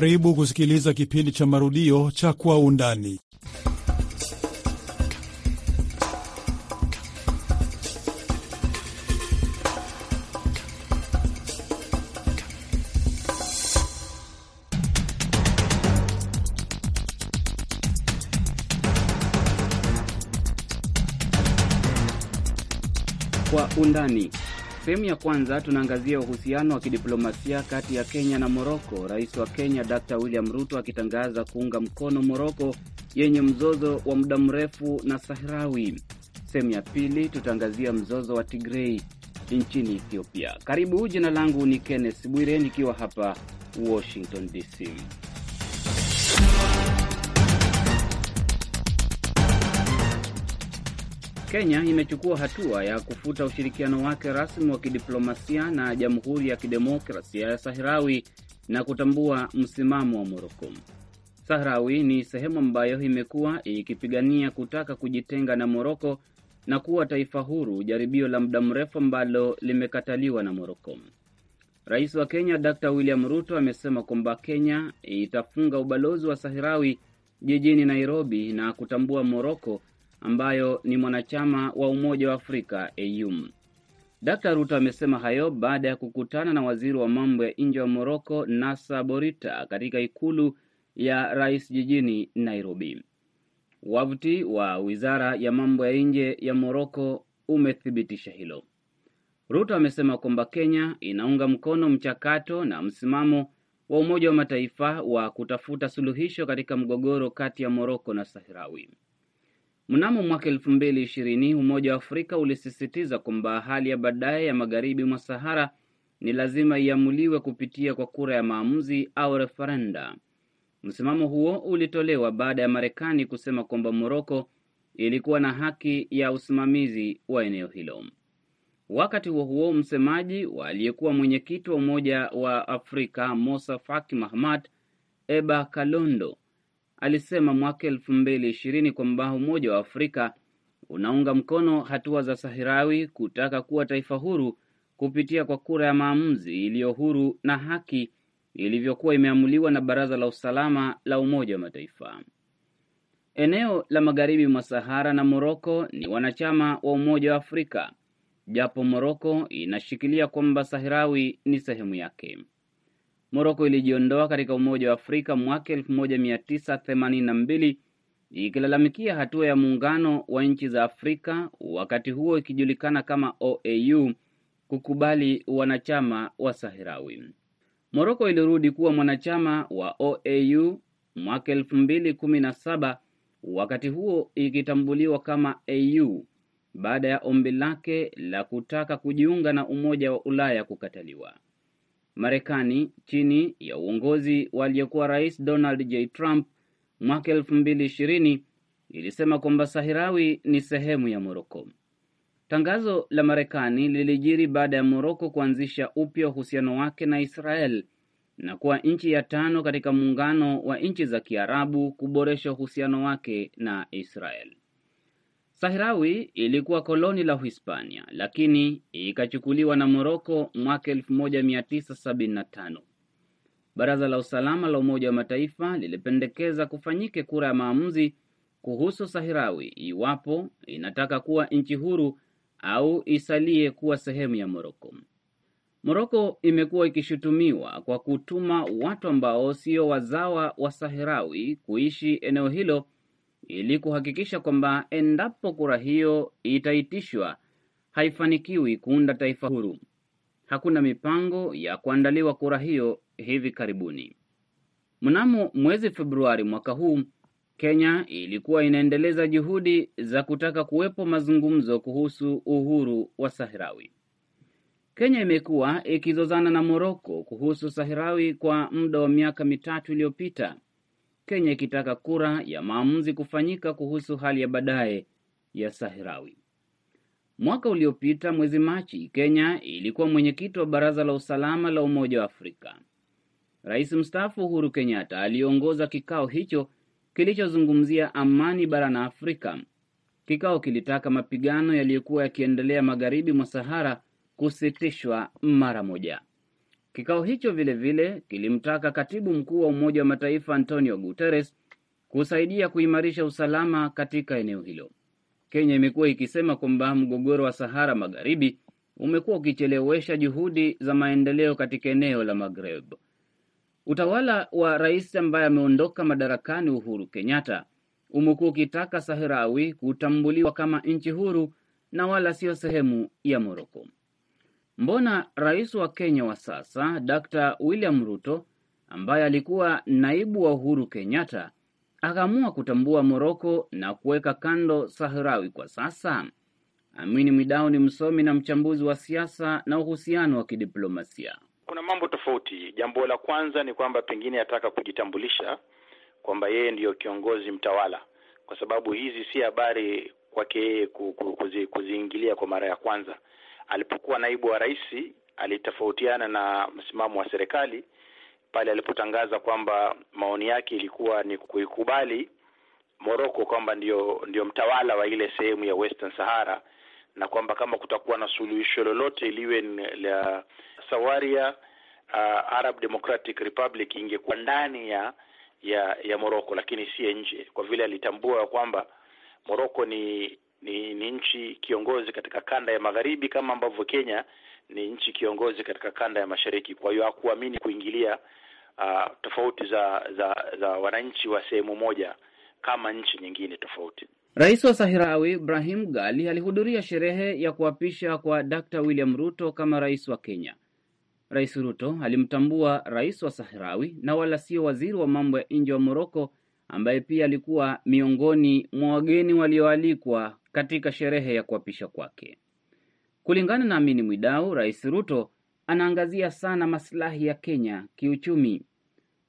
Karibu kusikiliza kipindi cha marudio cha Kwa Undani. Kwa Undani. Sehemu ya kwanza tunaangazia uhusiano wa kidiplomasia kati ya Kenya na Moroko, rais wa Kenya Dr William Ruto akitangaza kuunga mkono Moroko yenye mzozo wa muda mrefu na Sahrawi. Sehemu ya pili tutaangazia mzozo wa Tigrei nchini Ethiopia. Karibu, jina langu ni Kenneth Bwire nikiwa hapa Washington DC. Kenya imechukua hatua ya kufuta ushirikiano wake rasmi wa kidiplomasia na Jamhuri ya Kidemokrasia ya Sahrawi na kutambua msimamo wa Moroko. Sahrawi ni sehemu ambayo imekuwa ikipigania kutaka kujitenga na Moroko na kuwa taifa huru, jaribio la muda mrefu ambalo limekataliwa na Moroko. Rais wa Kenya Dr William Ruto amesema kwamba Kenya itafunga ubalozi wa Sahrawi jijini Nairobi na kutambua Moroko ambayo ni mwanachama wa Umoja wa Afrika AU. Dkt. Ruto amesema hayo baada ya kukutana na waziri wa mambo ya nje wa Moroko Nasa Borita katika ikulu ya rais jijini Nairobi. Wavuti wa wizara ya mambo ya nje ya Moroko umethibitisha hilo. Ruto amesema kwamba Kenya inaunga mkono mchakato na msimamo wa Umoja wa Mataifa wa kutafuta suluhisho katika mgogoro kati ya Moroko na sahirawi Mnamo mwaka elfu mbili ishirini Umoja wa Afrika ulisisitiza kwamba hali ya baadaye ya magharibi mwa Sahara ni lazima iamuliwe kupitia kwa kura ya maamuzi au referenda. Msimamo huo ulitolewa baada ya Marekani kusema kwamba Moroko ilikuwa na haki ya usimamizi wa eneo hilo. Wakati huo huo, msemaji wa aliyekuwa mwenyekiti wa Umoja wa Afrika Musa Faki Mahamat Eba Kalondo alisema mwaka elfu mbili ishirini kwamba Umoja wa Afrika unaunga mkono hatua za Sahirawi kutaka kuwa taifa huru kupitia kwa kura ya maamuzi iliyo huru na haki ilivyokuwa imeamuliwa na Baraza la Usalama la Umoja wa Mataifa. Eneo la magharibi mwa Sahara na Moroko ni wanachama wa Umoja wa Afrika, japo Moroko inashikilia kwamba Sahirawi ni sehemu yake. Moroko ilijiondoa katika Umoja wa Afrika mwaka 1982 ikilalamikia hatua ya muungano wa nchi za Afrika wakati huo ikijulikana kama OAU kukubali wanachama wa Sahirawi. Moroko ilirudi kuwa mwanachama wa OAU mwaka 2017, wakati huo ikitambuliwa kama AU baada ya ombi lake la kutaka kujiunga na Umoja wa Ulaya kukataliwa. Marekani chini ya uongozi wa aliyekuwa rais Donald J. Trump mwaka elfu mbili ishirini ilisema kwamba Sahirawi ni sehemu ya Moroko. Tangazo la Marekani lilijiri baada ya Moroko kuanzisha upya uhusiano wake na Israel na kuwa nchi ya tano katika muungano wa nchi za Kiarabu kuboresha uhusiano wake na Israel. Sahrawi ilikuwa koloni la Uhispania lakini ikachukuliwa na Moroko mwaka 1975 Baraza la Usalama la Umoja wa Mataifa lilipendekeza kufanyike kura ya maamuzi kuhusu Sahrawi iwapo inataka kuwa nchi huru au isalie kuwa sehemu ya Moroko. Moroko imekuwa ikishutumiwa kwa kutuma watu ambao sio wazawa wa Sahrawi kuishi eneo hilo ili kuhakikisha kwamba endapo kura hiyo itaitishwa haifanikiwi kuunda taifa huru. Hakuna mipango ya kuandaliwa kura hiyo hivi karibuni. Mnamo mwezi Februari mwaka huu, Kenya ilikuwa inaendeleza juhudi za kutaka kuwepo mazungumzo kuhusu uhuru wa sahirawi Kenya imekuwa ikizozana na Moroko kuhusu sahirawi kwa muda wa miaka mitatu iliyopita Kenya ikitaka kura ya maamuzi kufanyika kuhusu hali ya baadaye ya sahirawi Mwaka uliopita mwezi Machi, Kenya ilikuwa mwenyekiti wa Baraza la Usalama la Umoja wa Afrika. Rais mstaafu Uhuru Kenyatta aliongoza kikao hicho kilichozungumzia amani barani Afrika. Kikao kilitaka mapigano yaliyokuwa yakiendelea magharibi mwa Sahara kusitishwa mara moja. Kikao hicho vilevile kilimtaka katibu mkuu wa Umoja wa Mataifa Antonio Guterres kusaidia kuimarisha usalama katika eneo hilo. Kenya imekuwa ikisema kwamba mgogoro wa Sahara Magharibi umekuwa ukichelewesha juhudi za maendeleo katika eneo la Maghreb. Utawala wa rais ambaye ameondoka madarakani Uhuru Kenyatta umekuwa ukitaka saharawi kutambuliwa kama nchi huru na wala siyo sehemu ya Moroko. Mbona rais wa Kenya wa sasa Dr. William Ruto ambaye alikuwa naibu wa Uhuru Kenyatta akaamua kutambua Moroko na kuweka kando Sahrawi kwa sasa? Amini Midao ni msomi na mchambuzi wa siasa na uhusiano wa kidiplomasia. Kuna mambo tofauti. Jambo la kwanza ni kwamba pengine ataka kujitambulisha kwamba yeye ndiyo kiongozi mtawala, kwa sababu hizi si habari kwake yeye kuziingilia kwa mara ya kwanza alipokuwa naibu wa rais alitofautiana na msimamo wa serikali pale alipotangaza kwamba maoni yake ilikuwa ni kuikubali Morocco kwamba ndiyo, ndiyo mtawala wa ile sehemu ya Western Sahara na kwamba kama kutakuwa na suluhisho lolote liwe la Sawaria uh, Arab Democratic Republic ingekuwa ndani ya ya ya Morocco, lakini si nje, kwa vile alitambua kwamba Morocco ni ni, ni nchi kiongozi katika kanda ya magharibi kama ambavyo Kenya ni nchi kiongozi katika kanda ya mashariki. Kwa hiyo hakuamini kuingilia uh, tofauti za za za wananchi wa sehemu moja kama nchi nyingine tofauti. Rais wa Sahirawi Ibrahim Gali alihudhuria sherehe ya kuapisha kwa Dr. William Ruto kama rais wa Kenya. Rais Ruto alimtambua rais wa Sahirawi na wala sio waziri wa mambo ya nje wa Moroko ambaye pia alikuwa miongoni mwa wageni walioalikwa katika sherehe ya kuapishwa kwake. Kulingana na Amini Mwidau, Rais Ruto anaangazia sana masilahi ya Kenya kiuchumi.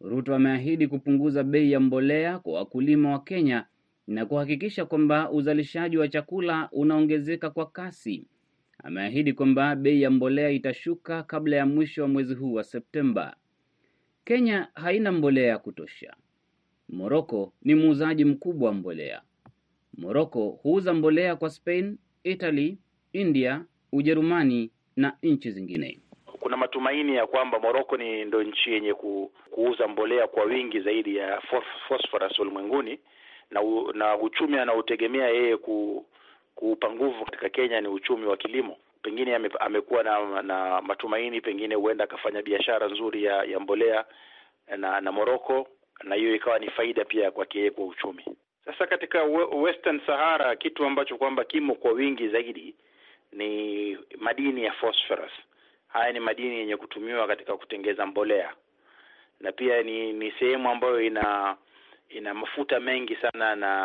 Ruto ameahidi kupunguza bei ya mbolea kwa wakulima wa Kenya na kuhakikisha kwamba uzalishaji wa chakula unaongezeka kwa kasi. Ameahidi kwamba bei ya mbolea itashuka kabla ya mwisho wa mwezi huu wa Septemba. Kenya haina mbolea ya kutosha. Moroko ni muuzaji mkubwa wa mbolea moroko huuza mbolea kwa Spain, Italy, India, Ujerumani na nchi zingine. Kuna matumaini ya kwamba Moroko ni ndo nchi yenye ku, kuuza mbolea kwa wingi zaidi ya phosphorus ulimwenguni na, u, na uchumi anaotegemea yeye ku, kuupa nguvu katika Kenya ni uchumi wa kilimo. Pengine ame, amekuwa na, na matumaini, pengine huenda akafanya biashara nzuri ya, ya mbolea na na Moroko na hiyo ikawa ni faida pia kwake yeye kwa uchumi. Sasa katika Western Sahara kitu ambacho kwamba kimo kwa wingi zaidi ni madini ya phosphorus. Haya ni madini yenye kutumiwa katika kutengeza mbolea na pia ni ni sehemu ambayo ina ina mafuta mengi sana na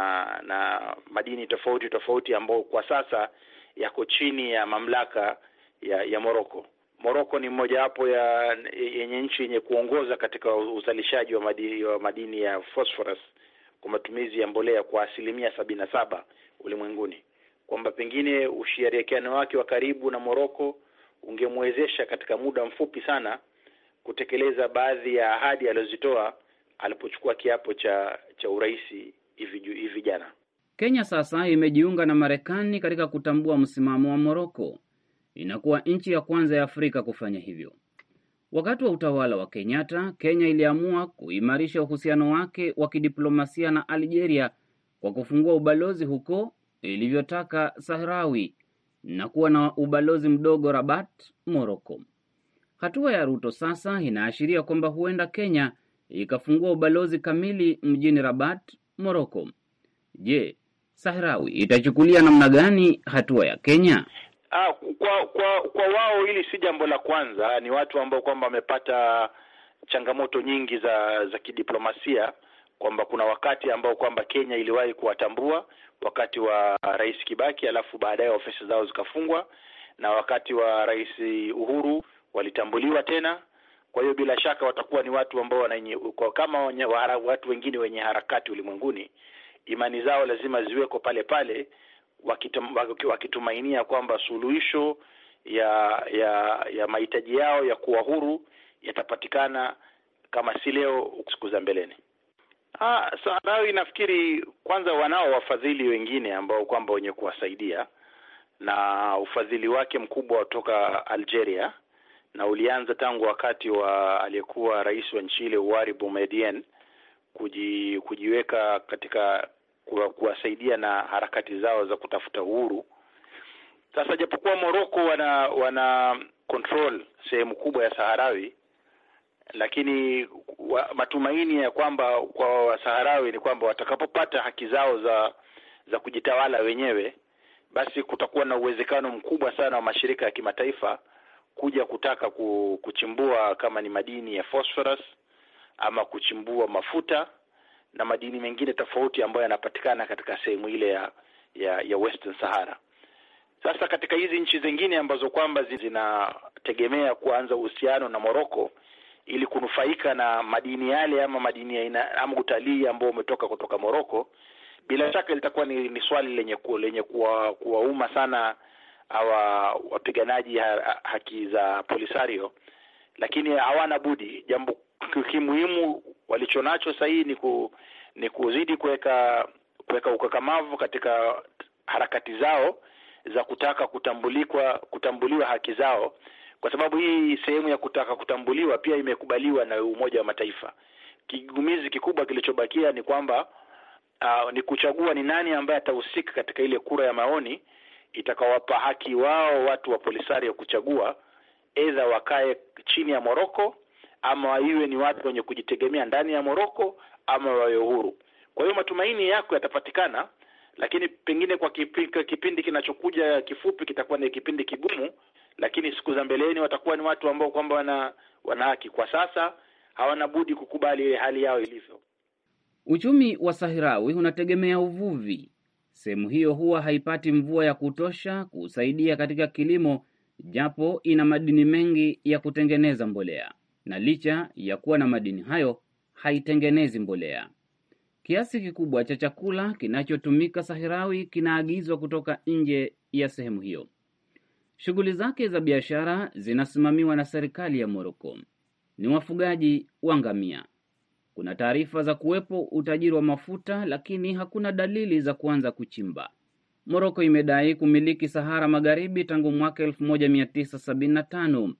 na madini tofauti tofauti ambayo kwa sasa yako chini ya mamlaka ya ya Morocco. Morocco ni mojawapo ya yenye nchi yenye kuongoza katika uzalishaji wa madini, wa madini ya phosphorus kwa matumizi ya mbolea kwa asilimia sabini na saba ulimwenguni, kwamba pengine ushirikiano wake wa karibu na Moroko ungemwezesha katika muda mfupi sana kutekeleza baadhi ya ahadi alizozitoa alipochukua kiapo cha cha urais hivi jana. Kenya sasa imejiunga na Marekani katika kutambua msimamo wa Moroko. Inakuwa nchi ya kwanza ya Afrika kufanya hivyo. Wakati wa utawala wa Kenyatta, Kenya iliamua kuimarisha uhusiano wake wa kidiplomasia na Algeria kwa kufungua ubalozi huko ilivyotaka Sahrawi na kuwa na ubalozi mdogo Rabat, Morocco. Hatua ya Ruto sasa inaashiria kwamba huenda Kenya ikafungua ubalozi kamili mjini Rabat, Morocco. Je, Sahrawi itachukulia namna gani hatua ya Kenya? Ah, kwa kwa kwa wao hili si jambo la kwanza. Ni watu ambao kwamba wamepata changamoto nyingi za za kidiplomasia, kwamba kuna wakati ambao kwamba Kenya iliwahi kuwatambua wakati wa Rais Kibaki, alafu baadaye ofisi zao zikafungwa, na wakati wa Rais Uhuru walitambuliwa tena. Kwa hiyo bila shaka watakuwa ni watu ambao kwa kama watu wengine wenye harakati ulimwenguni, imani zao lazima ziweko pale pale wakitumainia kwamba suluhisho ya ya ya mahitaji yao ya kuwa huru yatapatikana kama si leo, siku za mbeleni. Ah, so, nafikiri kwanza wanao wafadhili wengine ambao kwamba wenye kuwasaidia na ufadhili wake mkubwa kutoka Algeria na ulianza tangu wakati wa aliyekuwa rais wa nchi ile uari bumedien kuji, kujiweka katika kuwasaidia na harakati zao za kutafuta uhuru. Sasa japokuwa moroko wana wana control sehemu kubwa ya Saharawi, lakini wa, matumaini ya kwamba kwa Wasaharawi ni kwamba watakapopata haki zao za za kujitawala wenyewe, basi kutakuwa na uwezekano mkubwa sana wa mashirika ya kimataifa kuja kutaka kuchimbua kama ni madini ya phosphorus ama kuchimbua mafuta na madini mengine tofauti ambayo yanapatikana katika sehemu ile ya, ya ya Western Sahara. Sasa katika hizi nchi zingine ambazo kwamba zinategemea kuanza uhusiano na Morocco ili kunufaika na madini yale ama madini ya ina, ama utalii ambao umetoka kutoka Morocco, bila shaka litakuwa ni, ni swali lenye ku, lenye kuwauma kuwa sana hawa wapiganaji ha, haki za Polisario, lakini hawana budi jambo kimuhimu walichonacho sasa hii ni, ku, ni kuzidi kuweka kuweka ukakamavu katika harakati zao za kutaka kutambulikwa kutambuliwa haki zao, kwa sababu hii sehemu ya kutaka kutambuliwa pia imekubaliwa na Umoja wa Mataifa. Kigumizi kikubwa kilichobakia ni kwamba uh, ni kuchagua ni nani ambaye atahusika katika ile kura ya maoni itakawapa haki wao watu wa Polisario kuchagua, aidha wakae chini ya Moroko ama waiwe ni watu wenye kujitegemea ndani ya Moroko ama wawe huru. Kwa hiyo matumaini yako yatapatikana, lakini pengine kwa kipindi kinachokuja kifupi kitakuwa ni kipindi kigumu, lakini siku za mbeleni watakuwa ni watu ambao kwamba wana wana haki. Kwa sasa hawana budi kukubali ile hali yao ilivyo. Uchumi wa Sahrawi unategemea uvuvi. Sehemu hiyo huwa haipati mvua ya kutosha kusaidia katika kilimo, japo ina madini mengi ya kutengeneza mbolea na licha ya kuwa na madini hayo haitengenezi mbolea. Kiasi kikubwa cha chakula kinachotumika Sahirawi kinaagizwa kutoka nje ya sehemu hiyo. Shughuli zake za biashara zinasimamiwa na serikali ya Moroko. Ni wafugaji wa ngamia. Kuna taarifa za kuwepo utajiri wa mafuta, lakini hakuna dalili za kuanza kuchimba. Moroko imedai kumiliki Sahara Magharibi tangu mwaka 1975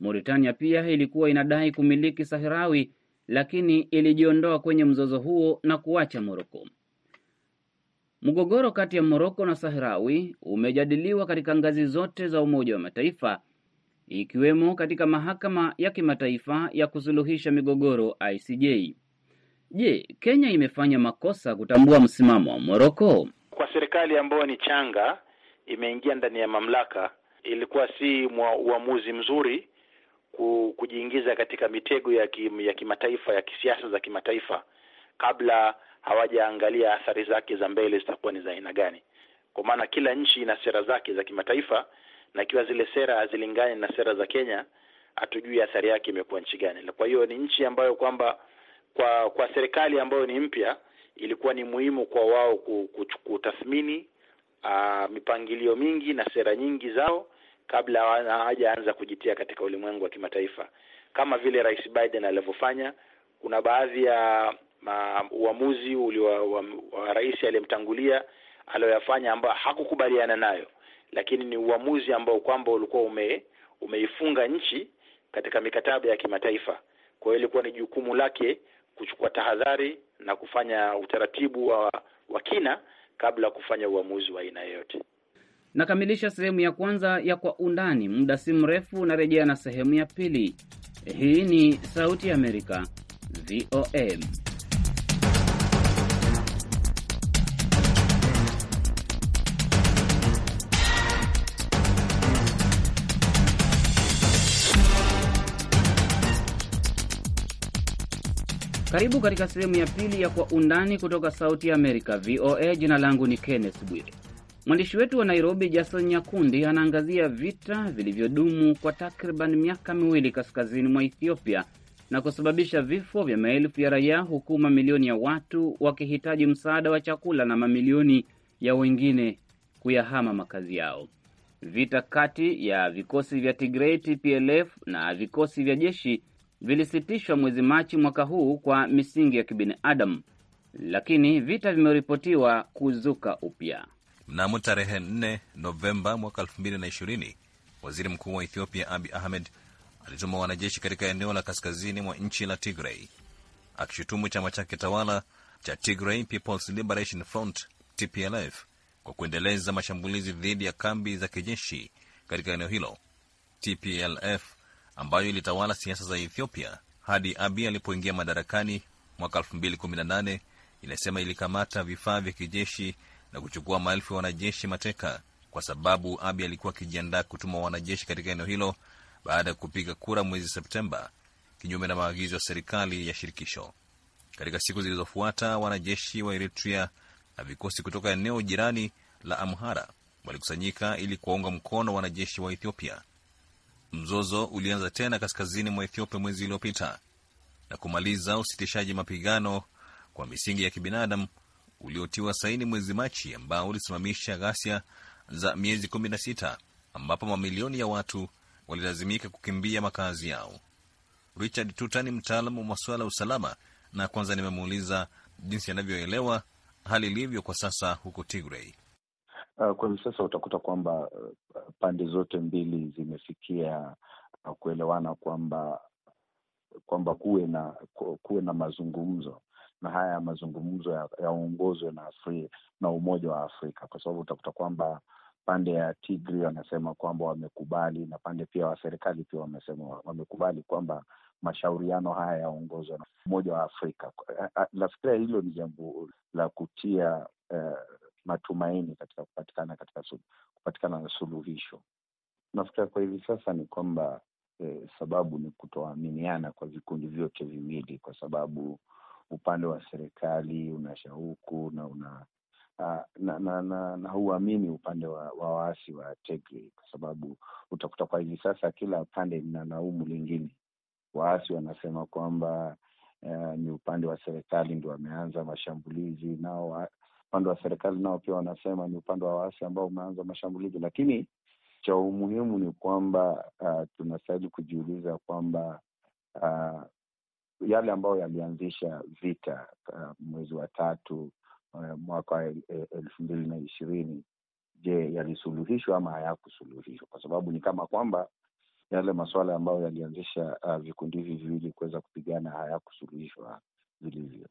Mauritania pia ilikuwa inadai kumiliki Sahrawi lakini ilijiondoa kwenye mzozo huo na kuacha Moroko. Mgogoro kati ya Moroko na Sahrawi umejadiliwa katika ngazi zote za Umoja wa Mataifa ikiwemo katika mahakama ya kimataifa ya kusuluhisha migogoro ICJ. Je, Kenya imefanya makosa kutambua msimamo wa Moroko? Kwa serikali ambayo ni changa imeingia ndani ya mamlaka, ilikuwa si uamuzi mzuri kujiingiza katika mitego ya kim, ya kimataifa ya kisiasa za kimataifa kabla hawajaangalia athari zake za mbele zitakuwa ni za aina gani, kwa maana kila nchi ina sera zake za kimataifa, na ikiwa zile sera hazilingani na sera za Kenya, hatujui athari yake imekuwa nchi gani. Kwa hiyo ni nchi ambayo kwamba kwa kwa serikali ambayo ni mpya, ilikuwa ni muhimu kwa wao kutathmini ah, mipangilio mingi na sera nyingi zao kabla hawajaanza kujitia katika ulimwengu wa kimataifa, kama vile Rais Biden alivyofanya. Kuna baadhi ya ma, uamuzi uliowa, wa, wa rais aliyemtangulia aliyoyafanya ambayo hakukubaliana nayo, lakini ni uamuzi ambao kwamba ulikuwa ume, umeifunga nchi katika mikataba ya kimataifa. Kwa hiyo ilikuwa ni jukumu lake kuchukua tahadhari na kufanya utaratibu wa, wa kina kabla ya kufanya uamuzi wa aina yoyote. Nakamilisha sehemu ya kwanza ya Kwa Undani. Muda si mrefu unarejea na sehemu ya pili. Hii ni Sauti ya Amerika, VOA. Karibu katika sehemu ya pili ya Kwa Undani kutoka Sauti ya Amerika, VOA. Jina langu ni Kenneth Bwire. Mwandishi wetu wa Nairobi, Jason Nyakundi, anaangazia vita vilivyodumu kwa takriban miaka miwili kaskazini mwa Ethiopia na kusababisha vifo vya maelfu ya raia, huku mamilioni ya watu wakihitaji msaada wa chakula na mamilioni ya wengine kuyahama makazi yao. Vita kati ya vikosi vya tigrei TPLF na vikosi vya jeshi vilisitishwa mwezi Machi mwaka huu kwa misingi ya kibinadamu, lakini vita vimeripotiwa kuzuka upya. Mnamo tarehe 4 Novemba mwaka 2020 waziri mkuu wa Ethiopia Abi Ahmed alituma wanajeshi katika eneo la kaskazini mwa nchi la Tigray akishutumu chama chake tawala cha Tigray People's Liberation Front TPLF kwa kuendeleza mashambulizi dhidi ya kambi za kijeshi katika eneo hilo. TPLF ambayo ilitawala siasa za Ethiopia hadi Abi alipoingia madarakani mwaka 2018 inasema ilikamata vifaa vya kijeshi na kuchukua maelfu ya wanajeshi mateka, kwa sababu Abi alikuwa akijiandaa kutuma wanajeshi katika eneo hilo baada ya kupiga kura mwezi Septemba kinyume na maagizo ya serikali ya shirikisho. Katika siku zilizofuata, wanajeshi wa Eritrea na vikosi kutoka eneo jirani la Amhara walikusanyika ili kuwaunga mkono wanajeshi wa Ethiopia. Mzozo ulianza tena kaskazini mwa Ethiopia mwezi uliopita na kumaliza usitishaji mapigano kwa misingi ya kibinadamu uliotiwa saini mwezi Machi ambao ulisimamisha ghasia za miezi kumi na sita ambapo mamilioni ya watu walilazimika kukimbia makazi yao. Richard Tuta ni mtaalamu wa masuala ya usalama, na kwanza nimemuuliza jinsi anavyoelewa hali ilivyo kwa sasa huko Tigray. Uh, kwa hivi sasa utakuta kwamba uh, pande zote mbili zimefikia uh, kuelewana kwamba kwamba kuwe na kuwe na mazungumzo na haya mazungumzo yaongozwe ya na Afri, na Umoja wa Afrika, kwa sababu utakuta kwamba pande ya Tigri wanasema kwamba wamekubali na pande pia wa serikali pia wamesema wamekubali kwamba mashauriano haya yaongozwe na Umoja wa Afrika. Eh, eh, nafikiria hilo ni jambo la kutia eh, matumaini katika kupatikana katika kupatikana na suluhisho. Nafikira kwa hivi sasa ni kwamba eh, sababu ni kutoaminiana kwa vikundi vyote viwili, kwa sababu upande wa serikali una shauku na una uh, na, na, na, na huamini upande wa, wa waasi wa Tigray kwa sababu utakuta kwa hivi sasa kila pande lina laumu lingine. Waasi wanasema kwamba uh, ni upande wa serikali ndio wameanza mashambulizi, nao upande wa serikali nao pia wanasema ni upande wa waasi ambao umeanza mashambulizi, lakini cha umuhimu ni kwamba uh, tunastahili kujiuliza kwamba uh, yale ambayo yalianzisha vita uh, mwezi wa tatu uh, mwaka wa el, elfu mbili na ishirini je yalisuluhishwa ama hayakusuluhishwa kwa sababu ni kama kwamba yale masuala ambayo yalianzisha uh, vikundi hivi viwili kuweza kupigana hayakusuluhishwa vilivyo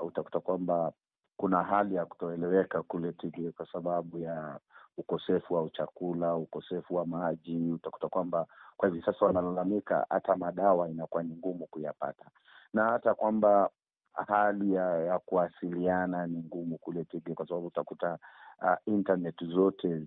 utakuta kwamba kuna hali ya kutoeleweka kule tg kwa sababu ya ukosefu wa chakula, ukosefu wa maji. Utakuta kwamba kwa hivi sasa wanalalamika hata madawa inakuwa ni ngumu kuyapata, na hata kwamba hali ya, ya kuwasiliana ni ngumu kule Kigbe kwa sababu utakuta uh, internet zote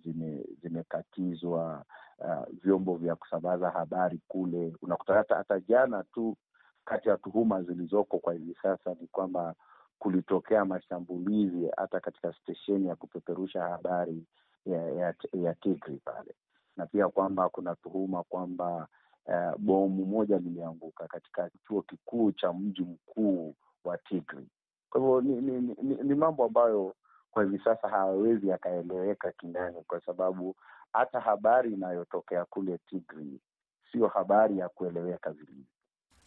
zimekatizwa, zime uh, ah, vyombo vya kusambaza habari kule. Unakuta hata, hata jana tu kati ya tuhuma zilizoko kwa hivi sasa ni kwamba kulitokea mashambulizi hata katika stesheni ya kupeperusha habari ya, ya, ya Tigri pale, na pia kwamba kuna tuhuma kwamba uh, bomu moja lilianguka katika chuo kikuu cha mji mkuu wa Tigri. Kwa hivyo ni, ni, ni, ni, mambo ambayo kwa hivi sasa hawawezi yakaeleweka kindani, kwa sababu hata habari inayotokea kule Tigri siyo habari ya kueleweka vilivyo.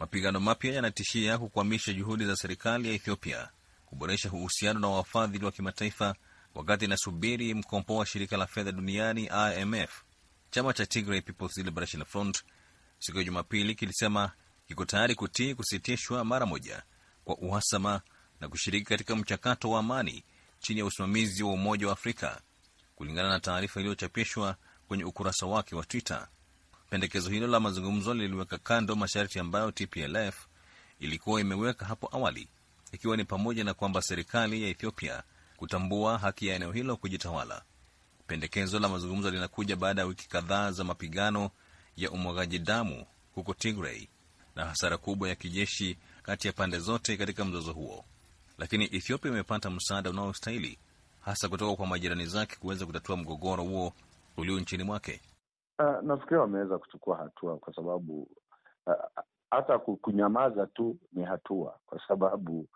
Mapigano mapya yanatishia kukwamisha juhudi za serikali ya Ethiopia kuboresha uhusiano na wafadhili wa kimataifa Wakati inasubiri mkopo wa shirika la fedha duniani IMF, chama cha Tigray People's Liberation Front siku ya Jumapili kilisema kiko tayari kutii kusitishwa mara moja kwa uhasama na kushiriki katika mchakato wa amani chini ya usimamizi wa Umoja wa Afrika, kulingana na taarifa iliyochapishwa kwenye ukurasa wake wa Twitter. Pendekezo hilo la mazungumzo liliweka kando masharti ambayo TPLF ilikuwa imeweka hapo awali, ikiwa ni pamoja na kwamba serikali ya Ethiopia kutambua haki ya eneo hilo kujitawala. Pendekezo la mazungumzo linakuja baada ya wiki kadhaa za mapigano ya umwagaji damu huko Tigray na hasara kubwa ya kijeshi kati ya pande zote katika mzozo huo. Lakini Ethiopia imepata msaada unaostahili hasa kutoka kwa majirani zake kuweza kutatua mgogoro huo ulio nchini mwake. Uh, nafikiri wameweza kuchukua hatua kwa sababu ah, ah, hata uh, kunyamaza tu ni hatua, kwa sababu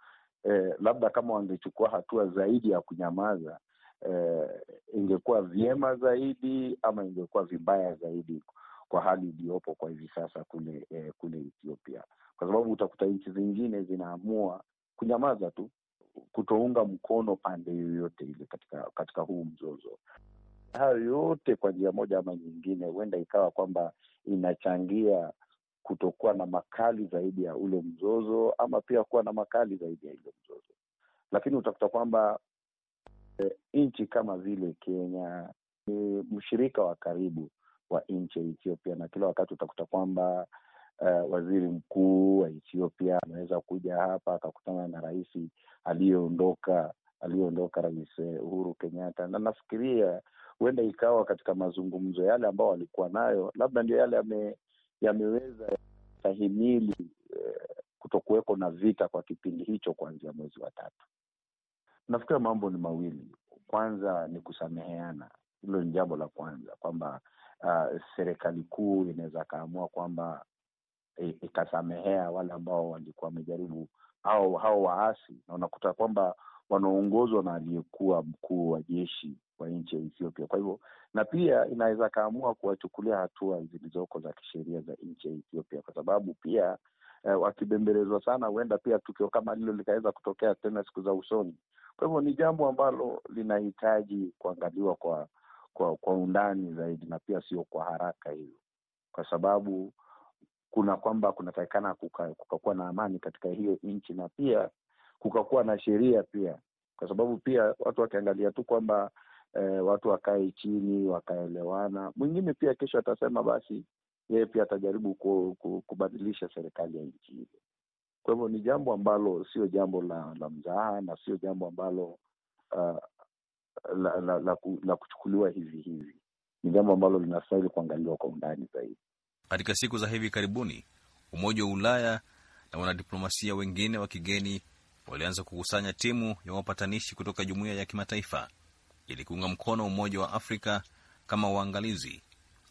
eh, labda kama wangechukua hatua zaidi ya kunyamaza eh, ingekuwa vyema zaidi ama ingekuwa vibaya zaidi kwa hali iliyopo kwa hivi sasa kule eh, kule Ethiopia, kwa sababu utakuta nchi zingine zinaamua kunyamaza tu, kutounga mkono pande yoyote ile katika katika huu mzozo. Hayo yote kwa njia moja ama nyingine, huenda ikawa kwamba inachangia kutokuwa na makali zaidi ya ule mzozo ama pia kuwa na makali zaidi ya ile mzozo, lakini utakuta kwamba e, nchi kama vile Kenya ni mshirika wa karibu wa nchi ya Ethiopia na kila wakati utakuta kwamba Uh, waziri mkuu wa Ethiopia ameweza kuja hapa akakutana na rais aliyeondoka aliyeondoka Rais eh, Uhuru Kenyatta, na nafikiria huenda ikawa katika mazungumzo yale ambao walikuwa nayo, labda ndio yale yameweza stahimili eh, kutokuweko na vita kwa kipindi hicho kuanzia mwezi wa tatu. Nafikiri mambo ni mawili. Kwanza ni kusameheana, hilo ni jambo la kwanza, kwamba uh, serikali kuu inaweza kaamua kwamba eh, ikasamehea e, wale ambao walikuwa wamejaribu au hao waasi, na unakuta kwamba wanaongozwa na aliyekuwa mkuu wa jeshi wa nchi ya Ethiopia. Kwa hivyo na pia inaweza kaamua kuwachukulia hatua zilizoko za kisheria za nchi ya Ethiopia, kwa sababu pia e, wakibembelezwa sana, huenda pia tukio kama lilo likaweza kutokea tena siku za usoni. Kwa hivyo ni jambo ambalo linahitaji kuangaliwa kwa kwa kwa undani zaidi, na pia sio kwa haraka hivyo, kwa sababu kuna kwamba kunatakikana kukakuwa kuka na amani katika hiyo nchi, na pia kukakuwa na sheria pia, kwa sababu pia watu wakiangalia tu kwamba e, watu wakae chini wakaelewana. Mwingine pia kesho atasema basi yeye pia atajaribu ku, ku, kubadilisha serikali ya nchi hile. Kwa hivyo ni jambo ambalo sio jambo la, la mzaha na sio jambo ambalo uh, la, la, la, la, la kuchukuliwa hivi hivi. Ni jambo ambalo linastahili kuangaliwa kwa undani zaidi. Katika siku za hivi karibuni, Umoja wa Ulaya na wanadiplomasia wengine wa kigeni walianza kukusanya timu ya wapatanishi kutoka jumuiya ya kimataifa ili kuunga mkono Umoja wa Afrika kama waangalizi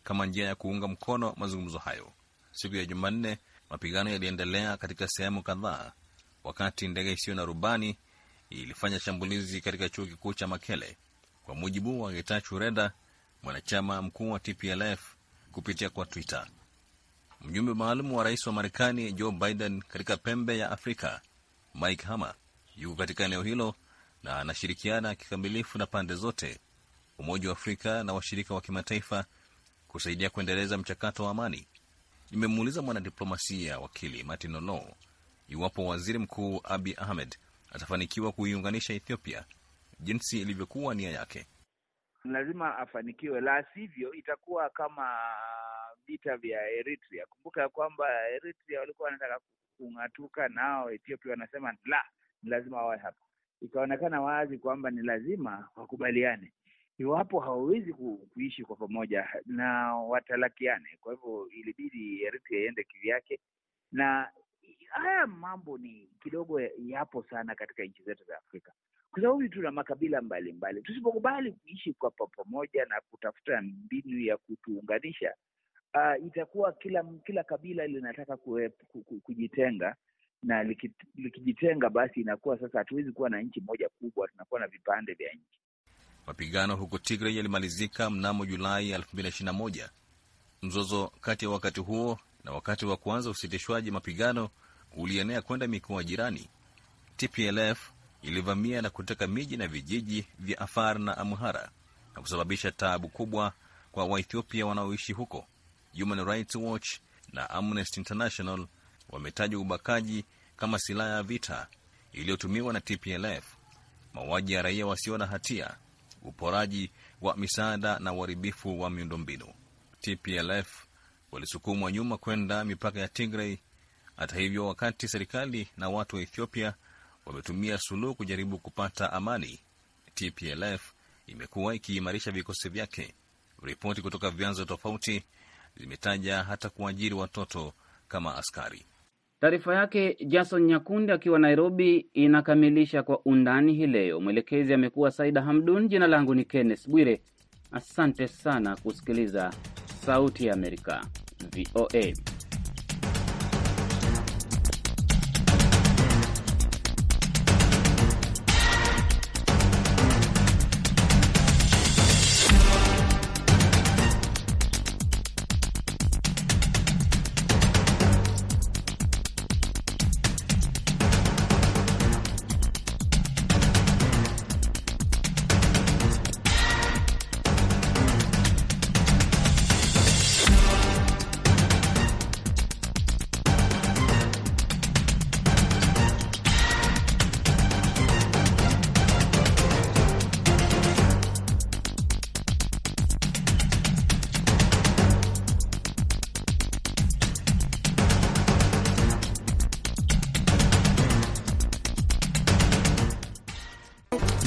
kama njia ya kuunga mkono mazungumzo hayo. Siku ya Jumanne, mapigano yaliendelea katika sehemu kadhaa, wakati ndege isiyo na rubani ilifanya shambulizi katika chuo kikuu cha Makele, kwa mujibu wa Getachew Reda, mwanachama mkuu wa TPLF, kupitia kwa Twitter. Mjumbe maalum wa rais wa Marekani Joe Biden katika pembe ya Afrika Mike Hammer yuko katika eneo hilo na anashirikiana kikamilifu na pande zote, Umoja wa Afrika na washirika wa kimataifa kusaidia kuendeleza mchakato wa amani. Nimemuuliza mwanadiplomasia wakili Martin Olo iwapo waziri mkuu Abi Ahmed atafanikiwa kuiunganisha Ethiopia jinsi ilivyokuwa nia yake. Lazima afanikiwe, la sivyo itakuwa kama vita vya Eritrea. Kumbuka ya kwamba Eritrea walikuwa wanataka kung'atuka, nao Ethiopia wanasema la, lazima wawe hapa ikaonekana wazi kwamba ni lazima wakubaliane iwapo hawawezi kuishi kwa pamoja na watalakiane. Kwa hivyo ilibidi Eritrea iende kivyake, na haya mambo ni kidogo yapo sana katika nchi zetu za Afrika kwa sababu tuna makabila mbalimbali. Tusipokubali kuishi kwa pamoja na kutafuta mbinu ya kutuunganisha, uh, itakuwa kila kila kabila linataka kujitenga na likijitenga, basi inakuwa sasa hatuwezi kuwa na nchi moja kubwa, tunakuwa na vipande vya nchi. Mapigano huko Tigray yalimalizika mnamo Julai 2021. Mzozo kati ya wakati huo na wakati wa kuanza usitishwaji mapigano ulienea kwenda mikoa jirani. TPLF ilivamia na kuteka miji na vijiji vya Afar na Amhara na kusababisha taabu kubwa kwa Waethiopia wanaoishi huko. Human Rights Watch na Amnesty International wametaja ubakaji kama silaha ya vita iliyotumiwa na TPLF, mauaji ya raia wasio na hatia, uporaji wa misaada na uharibifu wa miundombinu. TPLF walisukumwa nyuma kwenda mipaka ya Tigray. Hata hivyo, wakati serikali na watu wa Ethiopia wametumia suluhu kujaribu kupata amani, TPLF imekuwa ikiimarisha vikosi vyake. Ripoti kutoka vyanzo tofauti zimetaja hata kuajiri watoto kama askari. Taarifa yake Jason Nyakundi akiwa Nairobi inakamilisha kwa undani hii leo. Mwelekezi amekuwa Saida Hamdun. Jina langu ni Kenneth Bwire. Asante sana kusikiliza Sauti ya Amerika, VOA.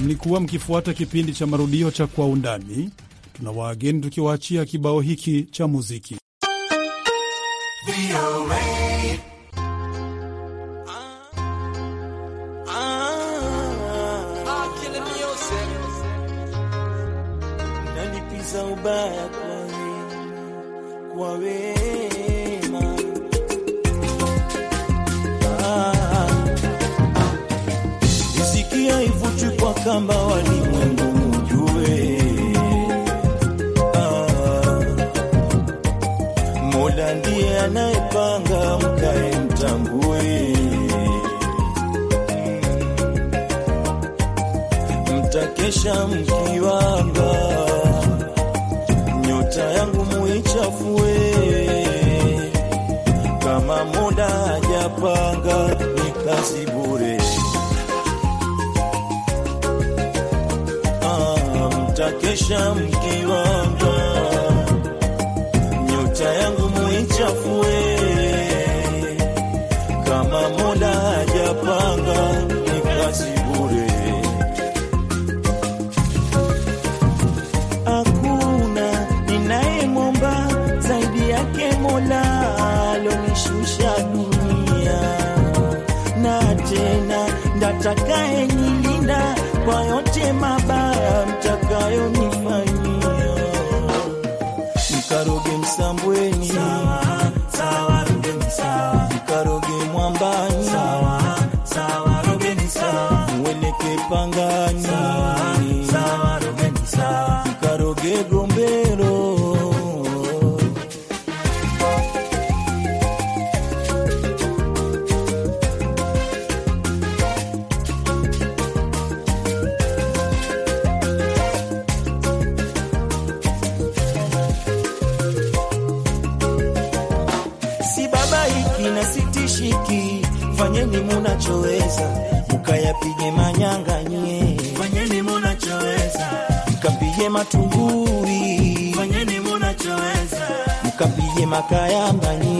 Mlikuwa mkifuata kipindi cha marudio cha Kwa Undani. Tuna waageni tukiwaachia kibao hiki cha muziki. Nalipiza ubaya kwa wewe kamba walimwengu mujue, ah, Mola ndiye anayepanga mkae mtambue, mm, mtakesha mkiwanga nyota yangu muichafue, kama Mola hajapanga kesha mkiwamba nyota yangu mwichafu tuke sawa sawa, rogeni sawa, tukaroge gombe ayamba nini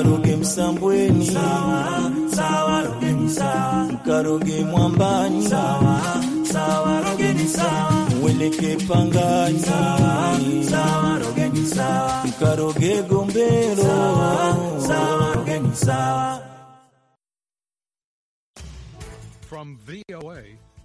mkaruge Msambweni sawa, sawa, rugeni sawa, mkaruge Mwambani sawa, sawa, rugeni sawa, mweleke Pangani sawa, sawa, rugeni sawa, mkaruge Gombero sawa, sawa, rugeni sawa